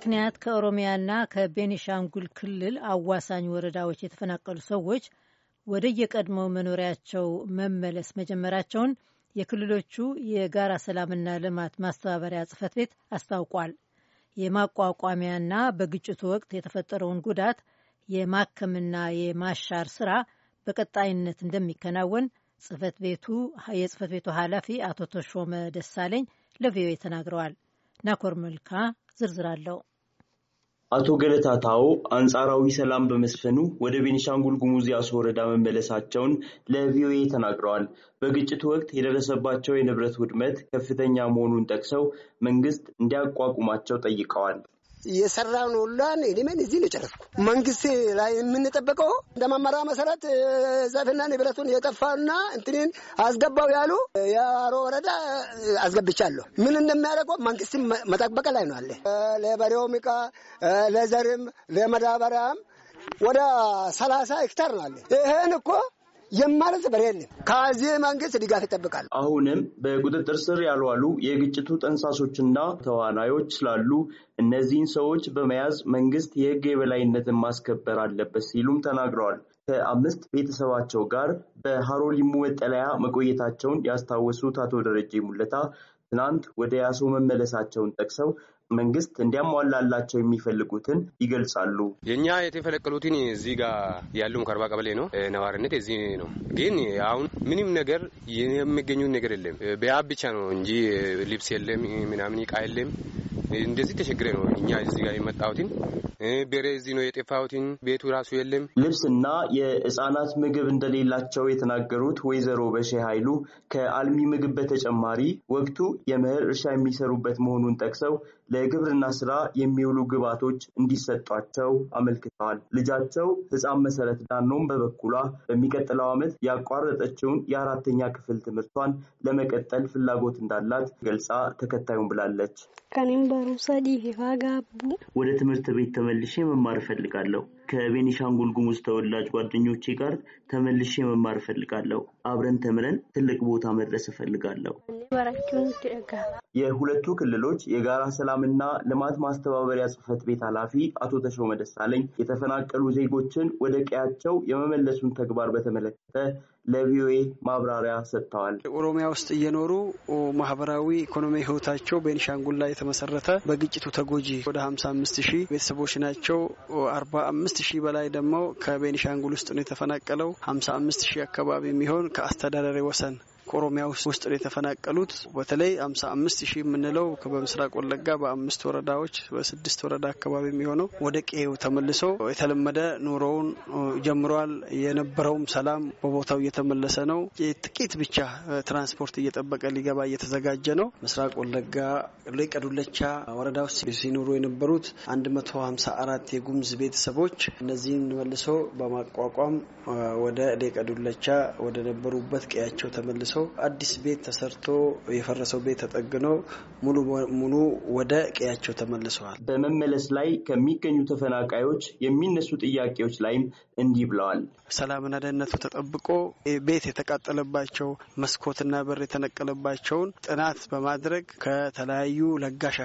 ምክንያት ከኦሮሚያና ከቤኒሻንጉል ክልል አዋሳኝ ወረዳዎች የተፈናቀሉ ሰዎች ወደ የቀድሞው መኖሪያቸው መመለስ መጀመራቸውን የክልሎቹ የጋራ ሰላምና ልማት ማስተባበሪያ ጽህፈት ቤት አስታውቋል። የማቋቋሚያና በግጭቱ ወቅት የተፈጠረውን ጉዳት የማከምና የማሻር ስራ በቀጣይነት እንደሚከናወን ጽሕፈት ቤቱ የጽሕፈት ቤቱ ኃላፊ አቶ ተሾመ ደሳለኝ ለቪኦኤ ተናግረዋል። ናኮር መልካ ዝርዝር አለው። አቶ ገለታ ታዎ አንጻራዊ ሰላም በመስፈኑ ወደ ቤኒሻንጉል ጉሙዝ የአሶ ወረዳ መመለሳቸውን ለቪኦኤ ተናግረዋል። በግጭቱ ወቅት የደረሰባቸው የንብረት ውድመት ከፍተኛ መሆኑን ጠቅሰው መንግስት እንዲያቋቁማቸው ጠይቀዋል። የሰራን ሁላን ኤሊመን እዚህ ነው ጨረስኩ። መንግስት ላይ የምንጠበቀው እንደ መመራ መሰረት ዘፍና ንብረቱን የጠፋና እንትንን አስገባው ያሉ የአሮ ወረዳ አስገብቻለሁ። ምን እንደሚያደርገው መንግስት መጠበቀ ላይ ነው አለ ለበሬውም ዕቃ ለዘርም ለመዳበሪያም ወደ ሰላሳ ሄክታር ነው አለ ይህን እኮ የማለት በር የለም። ከዚህ መንግስት ድጋፍ ይጠብቃል። አሁንም በቁጥጥር ስር ያልዋሉ የግጭቱ ጠንሳሶችና ተዋናዮች ስላሉ እነዚህን ሰዎች በመያዝ መንግስት የህግ የበላይነትን ማስከበር አለበት ሲሉም ተናግረዋል። ከአምስት ቤተሰባቸው ጋር በሃሮሊሙ መጠለያ መቆየታቸውን ያስታወሱት አቶ ደረጀ ሙለታ ትናንት ወደ ያሶ መመለሳቸውን ጠቅሰው መንግስት እንዲያሟላላቸው የሚፈልጉትን ይገልጻሉ። የእኛ የተፈለቀሉትን እዚህ ጋር ያሉ ከርባ ቀበሌ ነው ነዋሪነት እዚህ ነው። ግን አሁን ምንም ነገር የሚገኙት ነገር የለም። በያብ ብቻ ነው እንጂ ልብስ የለም ምናምን እቃ የለም። እንደዚህ ተቸግረ ነው እኛ እዚህ ጋር የመጣሁትን ቤሬዚኖ የጤፋውቲን ቤቱ ራሱ የለም። ልብስና የህፃናት ምግብ እንደሌላቸው የተናገሩት ወይዘሮ በሼ ኃይሉ ከአልሚ ምግብ በተጨማሪ ወቅቱ የመኸር እርሻ የሚሰሩበት መሆኑን ጠቅሰው ለግብርና ስራ የሚውሉ ግብዓቶች እንዲሰጧቸው አመልክተዋል። ልጃቸው ህፃን መሰረት ዳኖም በበኩሏ በሚቀጥለው ዓመት ያቋረጠችውን የአራተኛ ክፍል ትምህርቷን ለመቀጠል ፍላጎት እንዳላት ገልጻ ተከታዩን ብላለች። ወደ ትምህርት ቤት ተመልሼ መማር እፈልጋለሁ ከቤኒሻንጉል ጉሙዝ ተወላጅ ጓደኞቼ ጋር ተመልሼ መማር እፈልጋለሁ። አብረን ተምረን ትልቅ ቦታ መድረስ እፈልጋለሁ። የሁለቱ ክልሎች የጋራ ሰላምና ልማት ማስተባበሪያ ጽህፈት ቤት ኃላፊ አቶ ተሾመ ደሳለኝ የተፈናቀሉ ዜጎችን ወደ ቀያቸው የመመለሱን ተግባር በተመለከተ ለቪኦኤ ማብራሪያ ሰጥተዋል። ኦሮሚያ ውስጥ እየኖሩ ማህበራዊ ኢኮኖሚ ህይወታቸው ቤኒሻንጉል ላይ የተመሰረተ በግጭቱ ተጎጂ ወደ ሀምሳ አምስት ሺህ ቤተሰቦች ናቸው። አርባ አምስት ሺህ በላይ ደግሞ ከቤኒሻንጉል ውስጥ ነው የተፈናቀለው። ሀምሳ አምስት ሺህ አካባቢ የሚሆን ከአስተዳደሪ ወሰን ከኦሮሚያ ውስጥ ነው የተፈናቀሉት። በተለይ አምሳ አምስት ሺህ የምንለው በምስራቅ ወለጋ በአምስት ወረዳዎች በስድስት ወረዳ አካባቢ የሚሆነው ወደ ቄው ተመልሶ የተለመደ ኑሮውን ጀምሯል። የነበረውም ሰላም በቦታው እየተመለሰ ነው። ጥቂት ብቻ ትራንስፖርት እየጠበቀ ሊገባ እየተዘጋጀ ነው። ምስራቅ ወለጋ ቀዱለቻ ወረዳ ውስጥ ሲኖሩ የነበሩት አራት የጉሙዝ ቤተሰቦች እነዚህን መልሶ በማቋቋም ወደ ሌቀዱለቻ ወደ ነበሩበት ቀያቸው ተመልሶ አዲስ ቤት ተሰርቶ የፈረሰው ቤት ተጠግኖ ሙሉ ሙሉ ወደ ቀያቸው ተመልሰዋል። በመመለስ ላይ ከሚገኙ ተፈናቃዮች የሚነሱ ጥያቄዎች ላይም እንዲህ ብለዋል። ሰላምና ደህንነቱ ተጠብቆ ቤት የተቃጠለባቸው መስኮትና በር የተነቀለባቸውን ጥናት በማድረግ ከተለያዩ ለጋሽ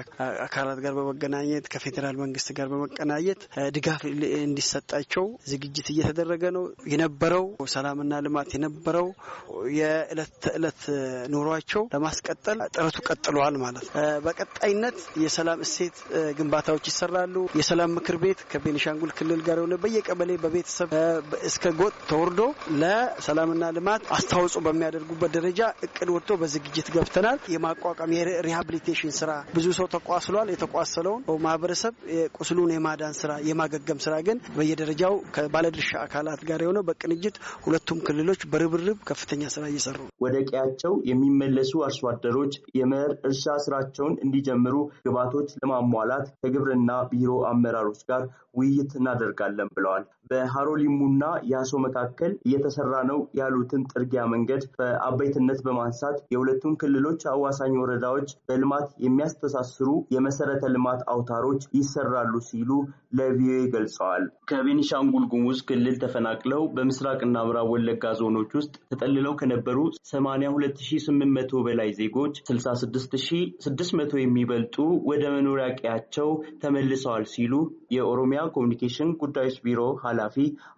አካላት ጋር በመገናኘት ከፌዴራል መንግስት ጋር በመቀናየት ድጋፍ እንዲሰጣቸው ዝግጅት እየተደረገ ነው። የነበረው ሰላምና ልማት የነበረው የዕለት ተዕለት ኑሯቸው ለማስቀጠል ጥረቱ ቀጥለዋል ማለት ነው። በቀጣይነት የሰላም እሴት ግንባታዎች ይሰራሉ። የሰላም ምክር ቤት ከቤኒሻንጉል ክልል ጋር የሆነ በየቀበሌ በቤተሰብ እስከ ጎጥ ተወርዶ ለሰላምና ልማት አስተዋጽኦ በሚያደርጉበት ደረጃ እቅድ ወጥቶ በዝግጅት ገብተናል። የማቋቋም የሪሃብሊቴሽን ስራ ብዙ ሰው ተቋስሏል። የተቋሰለውን ማህበረሰብ ቁስሉን የማዳን ስራ የማገገም ስራ ግን በየደረጃው ከባለድርሻ አካላት ጋር የሆነ በቅንጅት ሁለቱም ክልሎች በርብርብ ከፍተኛ ስራ እየሰሩ ነው። ወደ ቀያቸው የሚመለሱ አርሶ አደሮች የመኸር እርሻ ስራቸውን እንዲጀምሩ ግባቶች ለማሟላት ከግብርና ቢሮ አመራሮች ጋር ውይይት እናደርጋለን ብለዋል። በሃሮሊሙና ያሶ መካከል እየተሰራ ነው ያሉትን ጥርጊያ መንገድ በአበይትነት በማንሳት የሁለቱን ክልሎች አዋሳኝ ወረዳዎች በልማት የሚያስተሳስሩ የመሰረተ ልማት አውታሮች ይሰራሉ ሲሉ ለቪኦኤ ገልጸዋል። ከቤኒሻንጉል ጉሙዝ ክልል ተፈናቅለው በምስራቅና ምዕራብ ወለጋ ዞኖች ውስጥ ተጠልለው ከነበሩ 82800 በላይ ዜጎች 66600 የሚበልጡ ወደ መኖሪያ ቀያቸው ተመልሰዋል ሲሉ የኦሮሚያ ኮሚኒኬሽን ጉዳዮች ቢሮ ኃላፊ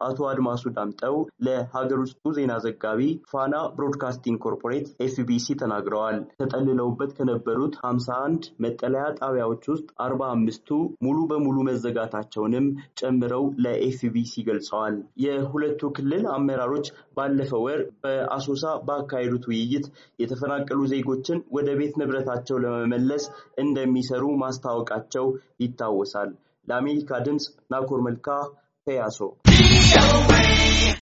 አቶ አድማሱ ዳምጠው ለሀገር ውስጡ ዜና ዘጋቢ ፋና ብሮድካስቲንግ ኮርፖሬት ኤፍቢሲ ተናግረዋል። ተጠልለውበት ከነበሩት 51 መጠለያ ጣቢያዎች ውስጥ 45ቱ ሙሉ በሙሉ መዘጋታቸውንም ጨምረው ለኤፍቢሲ ገልጸዋል። የሁለቱ ክልል አመራሮች ባለፈው ወር በአሶሳ በአካሄዱ ባካሄዱት ውይይት የተፈናቀሉ ዜጎችን ወደ ቤት ንብረታቸው ለመመለስ እንደሚሰሩ ማስታወቃቸው ይታወሳል። ለአሜሪካ ድምፅ ናኮር መልካ ፔያሶ።